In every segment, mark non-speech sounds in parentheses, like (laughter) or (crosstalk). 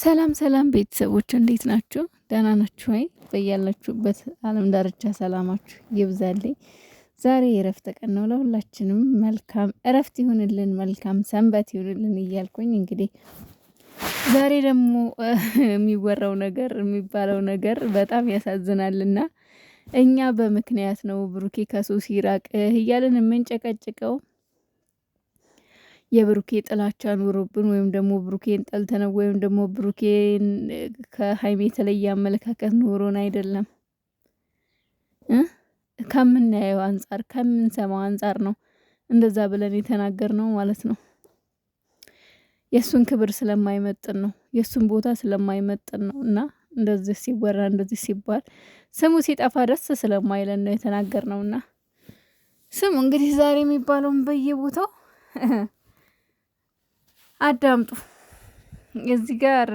ሰላም ሰላም ቤተሰቦች እንዴት ናችሁ ደህና ናችሁ ወይ? በያላችሁበት ዓለም ዳርቻ ሰላማችሁ ይብዛልኝ። ዛሬ የእረፍት ቀን ነው። ለሁላችንም መልካም እረፍት ይሁንልን፣ መልካም ሰንበት ይሁንልን እያልኩኝ እንግዲህ ዛሬ ደግሞ (laughs) የሚወራው ነገር የሚባለው ነገር በጣም ያሳዝናልና እኛ በምክንያት ነው ብሩኬ ከሱስ ይራቅ እያልን የምንጨቀጭቀው የብሩኬ ጥላቻ ኖሮብን ወይም ደግሞ ብሩኬን ጠልተነው ወይም ደግሞ ብሩኬን ከሀይሜ የተለየ አመለካከት ኖሮን አይደለም። ከምናየው አንጻር ከምንሰማው አንጻር ነው እንደዛ ብለን የተናገር ነው ማለት ነው። የእሱን ክብር ስለማይመጥን ነው፣ የእሱን ቦታ ስለማይመጥን ነው እና እንደዚህ ሲወራ እንደዚህ ሲባል ስሙ ሲጠፋ ደስ ስለማይለን ነው የተናገር ነው እና ስሙ እንግዲህ ዛሬ የሚባለውን በየቦታው (laughs) አዳምጡ። እዚህ ጋር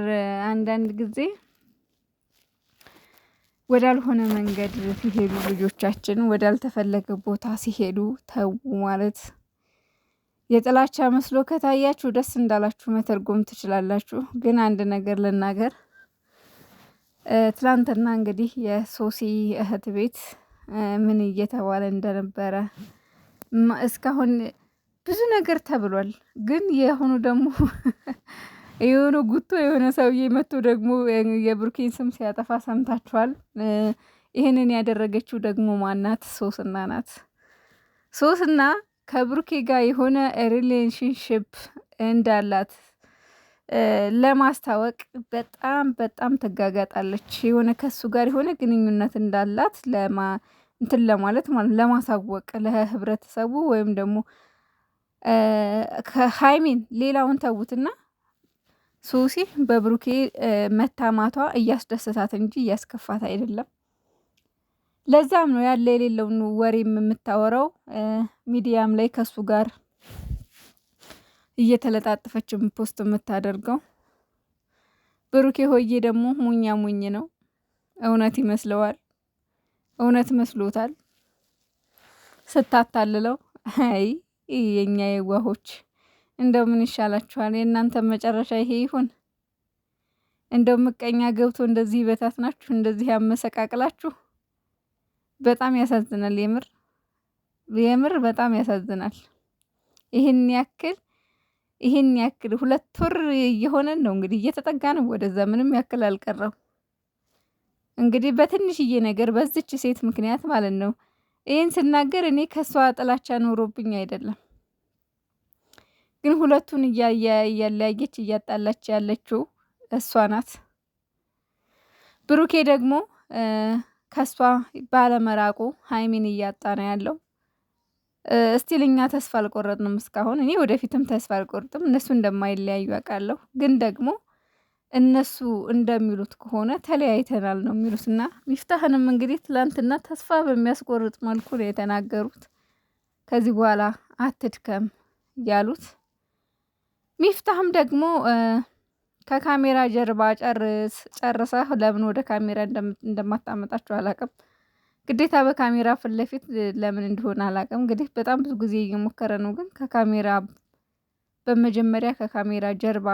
አንዳንድ ጊዜ ወዳልሆነ መንገድ ሲሄዱ ልጆቻችን ወዳልተፈለገ ቦታ ሲሄዱ ተዉ ማለት የጥላቻ መስሎ ከታያችሁ ደስ እንዳላችሁ መተርጎም ትችላላችሁ። ግን አንድ ነገር ልናገር። ትላንትና እንግዲህ የሶሲ እህት ቤት ምን እየተባለ እንደነበረ እስካሁን ብዙ ነገር ተብሏል። ግን የሆኑ ደግሞ (laughs) የሆነ ጉቶ የሆነ ሰውዬ መጥቶ ደግሞ የብሩኬን ስም ሲያጠፋ ሰምታችኋል። ይህንን ያደረገችው ደግሞ ማናት? ሶስና ናት። ሶስና ከብሩኬ ጋር የሆነ ሪሌሽንሽፕ እንዳላት ለማስታወቅ በጣም በጣም ትጋጋጣለች። የሆነ ከሱ ጋር የሆነ ግንኙነት እንዳላት ለማ እንትን ለማለት ማለት ለማሳወቅ ለህብረተሰቡ ወይም ደግሞ ከሀይሚን ሌላውን ተዉትና ሱሲ በብሩኬ መታማቷ እያስደሰታት እንጂ እያስከፋት አይደለም። ለዛም ነው ያለ የሌለውን ወሬም የምታወራው ሚዲያም ላይ ከሱ ጋር እየተለጣጠፈችም ፖስት የምታደርገው። ብሩኬ ሆዬ ደግሞ ሙኛ ሙኝ ነው። እውነት ይመስለዋል፣ እውነት መስሎታል ስታታልለው አይ የእኛ የዋሆች እንደው ምን ይሻላችኋል? የእናንተ መጨረሻ ይሄ ይሁን። እንደው ምቀኛ ገብቶ እንደዚህ በታት ናችሁ፣ እንደዚህ ያመሰቃቅላችሁ። በጣም ያሳዝናል። የምር የምር በጣም ያሳዝናል። ይህን ያክል ይህን ያክል ሁለት ወር እየሆነን ነው እንግዲህ እየተጠጋ ነው ወደዛ። ምንም ያክል አልቀረው እንግዲህ በትንሽዬ ነገር በዚች ሴት ምክንያት ማለት ነው ይህን ስናገር እኔ ከእሷ ጥላቻ ኖሮብኝ አይደለም። ግን ሁለቱን እያለያየች እያጣላች ያለችው እሷ ናት። ብሩኬ ደግሞ ከእሷ ባለመራቁ ሀይሚን እያጣ ነው ያለው። እስቲል እኛ ተስፋ አልቆረጥንም እስካሁን። እኔ ወደፊትም ተስፋ አልቆርጥም። እነሱ እንደማይለያዩ አውቃለሁ ግን ደግሞ እነሱ እንደሚሉት ከሆነ ተለያይተናል ነው የሚሉት እና ሚፍታህንም እንግዲህ ትላንትና ተስፋ በሚያስቆርጥ መልኩ ነው የተናገሩት። ከዚህ በኋላ አትድከም ያሉት ሚፍታህም ደግሞ ከካሜራ ጀርባ ጨርሰህ ለምን ወደ ካሜራ እንደማታመጣቸው አላቅም። ግዴታ በካሜራ ፊት ለፊት ለምን እንደሆነ አላቅም። እንግዲህ በጣም ብዙ ጊዜ እየሞከረ ነው፣ ግን ከካሜራ በመጀመሪያ ከካሜራ ጀርባ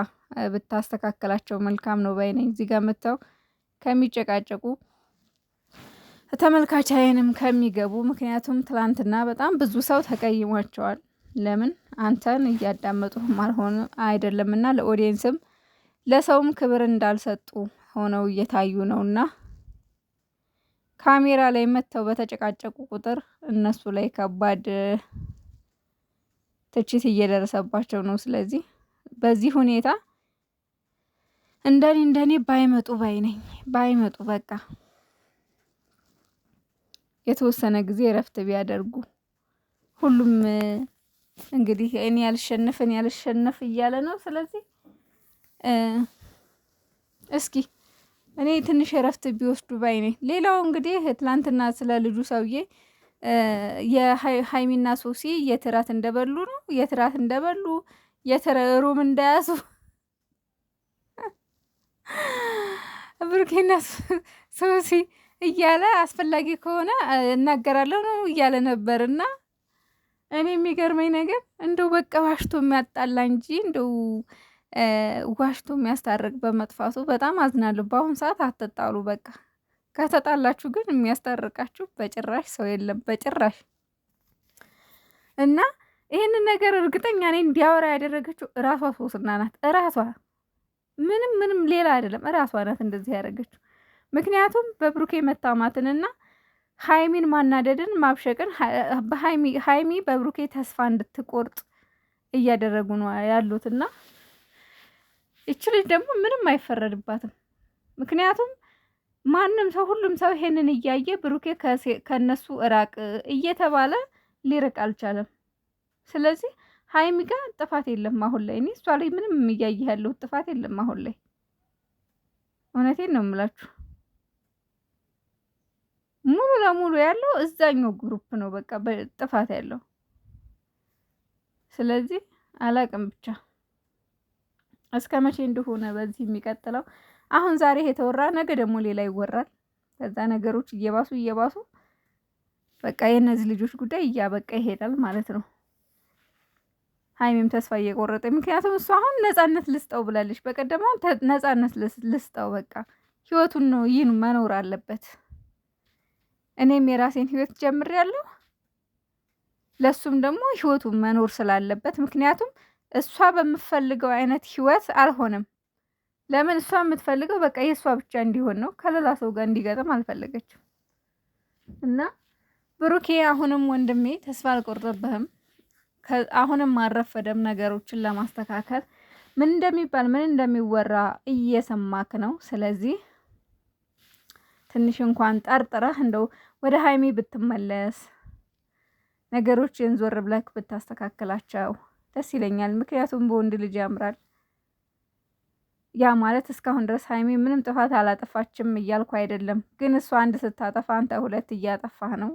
ብታስተካከላቸው መልካም ነው ባይነኝ። እዚህ ጋር መጥተው ከሚጨቃጨቁ ተመልካች አይንም ከሚገቡ ምክንያቱም ትላንትና በጣም ብዙ ሰው ተቀይሟቸዋል። ለምን አንተን እያዳመጡህም አልሆነ አይደለምና ለኦዲየንስም ለሰውም ክብር እንዳልሰጡ ሆነው እየታዩ ነውና ካሜራ ላይ መጥተው በተጨቃጨቁ ቁጥር እነሱ ላይ ከባድ ትችት እየደረሰባቸው ነው። ስለዚህ በዚህ ሁኔታ እንደኔ እንደኔ ባይመጡ ባይ ነኝ። ባይመጡ በቃ የተወሰነ ጊዜ እረፍት ቢያደርጉ ሁሉም እንግዲህ እኔ ያልሸነፍ እኔ ያልሸነፍ እያለ ነው። ስለዚህ እስኪ እኔ ትንሽ እረፍት ቢወስዱ ባይ ነኝ። ሌላው እንግዲህ ትላንትና ስለ ልጁ ሰውዬ የሀይሚና ሶሲ የትራት እንደበሉ ነው የትራት እንደበሉ የትሮም እንደያዙ። ብሩኬና ሶሲ እያለ አስፈላጊ ከሆነ እናገራለሁ ነው እያለ ነበር። እና እኔ የሚገርመኝ ነገር እንደው በቃ ዋሽቶ የሚያጣላ እንጂ እንደው ዋሽቶ የሚያስታርቅ በመጥፋቱ በጣም አዝናለሁ። በአሁኑ ሰዓት አትጣሉ። በቃ ከተጣላችሁ ግን የሚያስታርቃችሁ በጭራሽ ሰው የለም፣ በጭራሽ እና ይህንን ነገር እርግጠኛ እኔ እንዲያወራ ያደረገችው እራሷ ሶስና ናት እራሷ ምንም ምንም ሌላ አይደለም፣ እራሷ ናት እንደዚህ ያደረገችው። ምክንያቱም በብሩኬ መታማትንና ሀይሚን ማናደድን ማብሸቅን ሀይሚ በብሩኬ ተስፋ እንድትቆርጥ እያደረጉ ነው ያሉትና ይች ልጅ ደግሞ ምንም አይፈረድባትም። ምክንያቱም ማንም ሰው ሁሉም ሰው ይሄንን እያየ ብሩኬ ከነሱ እራቅ እየተባለ ሊርቅ አልቻለም። ስለዚህ ሀይሚ ጋር ጥፋት የለም አሁን ላይ እኔ እሷ ላይ ምንም እያየህ ያለሁት ጥፋት የለም አሁን ላይ እውነቴን ነው የምላችሁ ሙሉ ለሙሉ ያለው እዛኛው ግሩፕ ነው በቃ ጥፋት ያለው ስለዚህ አላቅም ብቻ እስከ መቼ እንደሆነ በዚህ የሚቀጥለው አሁን ዛሬ የተወራ ነገ ደግሞ ሌላ ይወራል ከዛ ነገሮች እየባሱ እየባሱ በቃ የእነዚህ ልጆች ጉዳይ እያበቃ ይሄዳል ማለት ነው ሀይሚም ተስፋ እየቆረጠ ምክንያቱም እሱ አሁን ነጻነት ልስጠው ብላለች። በቀደም ነጻነት ልስጠው በቃ ህይወቱን ነው ይህን መኖር አለበት። እኔም የራሴን ህይወት ጀምሬያለሁ፣ ለሱም ደግሞ ህይወቱ መኖር ስላለበት ምክንያቱም እሷ በምትፈልገው አይነት ህይወት አልሆነም። ለምን እሷ የምትፈልገው በቃ የእሷ ብቻ እንዲሆን ነው። ከሌላ ሰው ጋር እንዲገጥም አልፈለገችም። እና ብሩኬ አሁንም ወንድሜ ተስፋ አልቆረጠብህም። አሁንም አልረፈደም ነገሮችን ለማስተካከል ምን እንደሚባል ምን እንደሚወራ እየሰማክ ነው። ስለዚህ ትንሽ እንኳን ጠርጥረህ እንደው ወደ ሀይሚ ብትመለስ ነገሮችን ዞር ብለክ ብታስተካክላቸው ደስ ይለኛል። ምክንያቱም በወንድ ልጅ ያምራል። ያ ማለት እስካሁን ድረስ ሀይሚ ምንም ጥፋት አላጠፋችም እያልኩ አይደለም፣ ግን እሷ አንድ ስታጠፋ አንተ ሁለት እያጠፋህ ነው።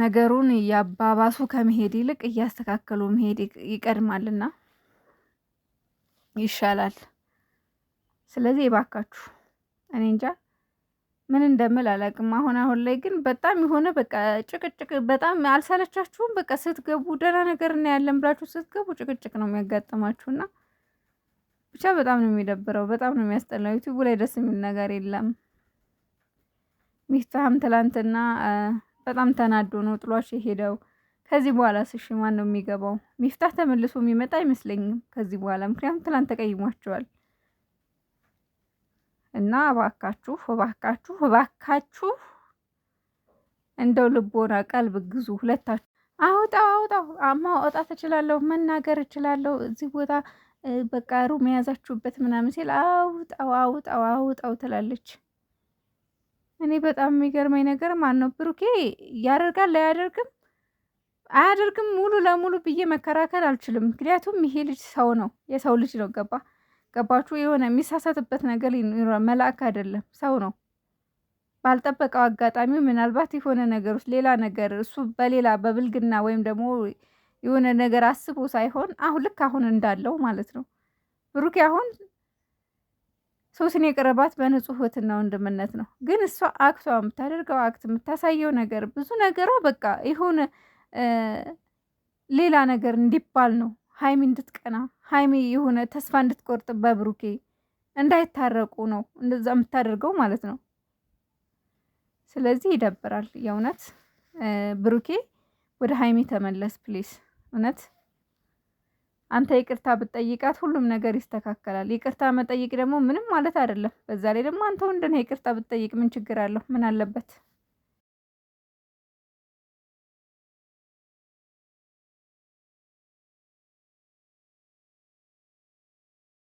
ነገሩን እያባባሱ ከመሄድ ይልቅ እያስተካከሉ መሄድ ይቀድማልና ይሻላል። ስለዚህ የባካችሁ እኔ እንጃ ምን እንደምል አላውቅም። አሁን አሁን ላይ ግን በጣም የሆነ በቃ ጭቅጭቅ በጣም አልሰለቻችሁም? በቃ ስትገቡ ደህና ነገር እናያለን ብላችሁ ስትገቡ ጭቅጭቅ ነው የሚያጋጥማችሁና ብቻ በጣም ነው የሚደብረው፣ በጣም ነው የሚያስጠላው። ዩቲዩቡ ላይ ደስ የሚል ነገር የለም። ሚፍታህም ትላንትና በጣም ተናዶ ነው ጥሏሽ የሄደው። ከዚህ በኋላ ስሽ ማን ነው የሚገባው? ሚፍታህ ተመልሶ የሚመጣ አይመስለኝም ከዚህ በኋላ ምክንያቱም ትላንት ተቀይሟቸዋል። እና እባካችሁ እባካችሁ እባካችሁ እንደው ልቦና ቀልብ ግዙ ሁለታችሁ። አውጣ አማ ማውጣት እችላለሁ፣ መናገር እችላለሁ፣ እዚህ ቦታ በቃ ሩ መያዛችሁበት ምናምን ሲል አውጣው አውጣው አውጣው ትላለች። እኔ በጣም የሚገርመኝ ነገር ማን ነው ብሩኬ ያደርጋል አያደርግም አያደርግም ሙሉ ለሙሉ ብዬ መከራከል አልችልም። ምክንያቱም ይሄ ልጅ ሰው ነው፣ የሰው ልጅ ነው። ገባ ገባችሁ? የሆነ የሚሳሳትበት ነገር ይኖራል። መላእክ አይደለም፣ ሰው ነው። ባልጠበቀው አጋጣሚ ምናልባት የሆነ ነገር ውስጥ ሌላ ነገር እሱ በሌላ በብልግና ወይም ደግሞ የሆነ ነገር አስቦ ሳይሆን አሁን ልክ አሁን እንዳለው ማለት ነው ብሩኬ አሁን ሶስን የቀረባት በንጹህ እህትና ወንድምነት ነው። ግን እሷ አክቷ የምታደርገው አክት የምታሳየው ነገር ብዙ ነገሯ በቃ የሆነ ሌላ ነገር እንዲባል ነው። ሀይሚ እንድትቀና ሀይሚ የሆነ ተስፋ እንድትቆርጥ በብሩኬ እንዳይታረቁ ነው እንደዛ የምታደርገው ማለት ነው። ስለዚህ ይደብራል የእውነት ብሩኬ ወደ ሀይሚ ተመለስ ፕሊስ እውነት አንተ ይቅርታ ብትጠይቃት ሁሉም ነገር ይስተካከላል። ይቅርታ መጠየቅ ደግሞ ምንም ማለት አይደለም። በዛ ላይ ደግሞ አንተ ወንድ ነህ፣ ይቅርታ ብትጠይቅ ምን ችግር አለው? ምን አለበት?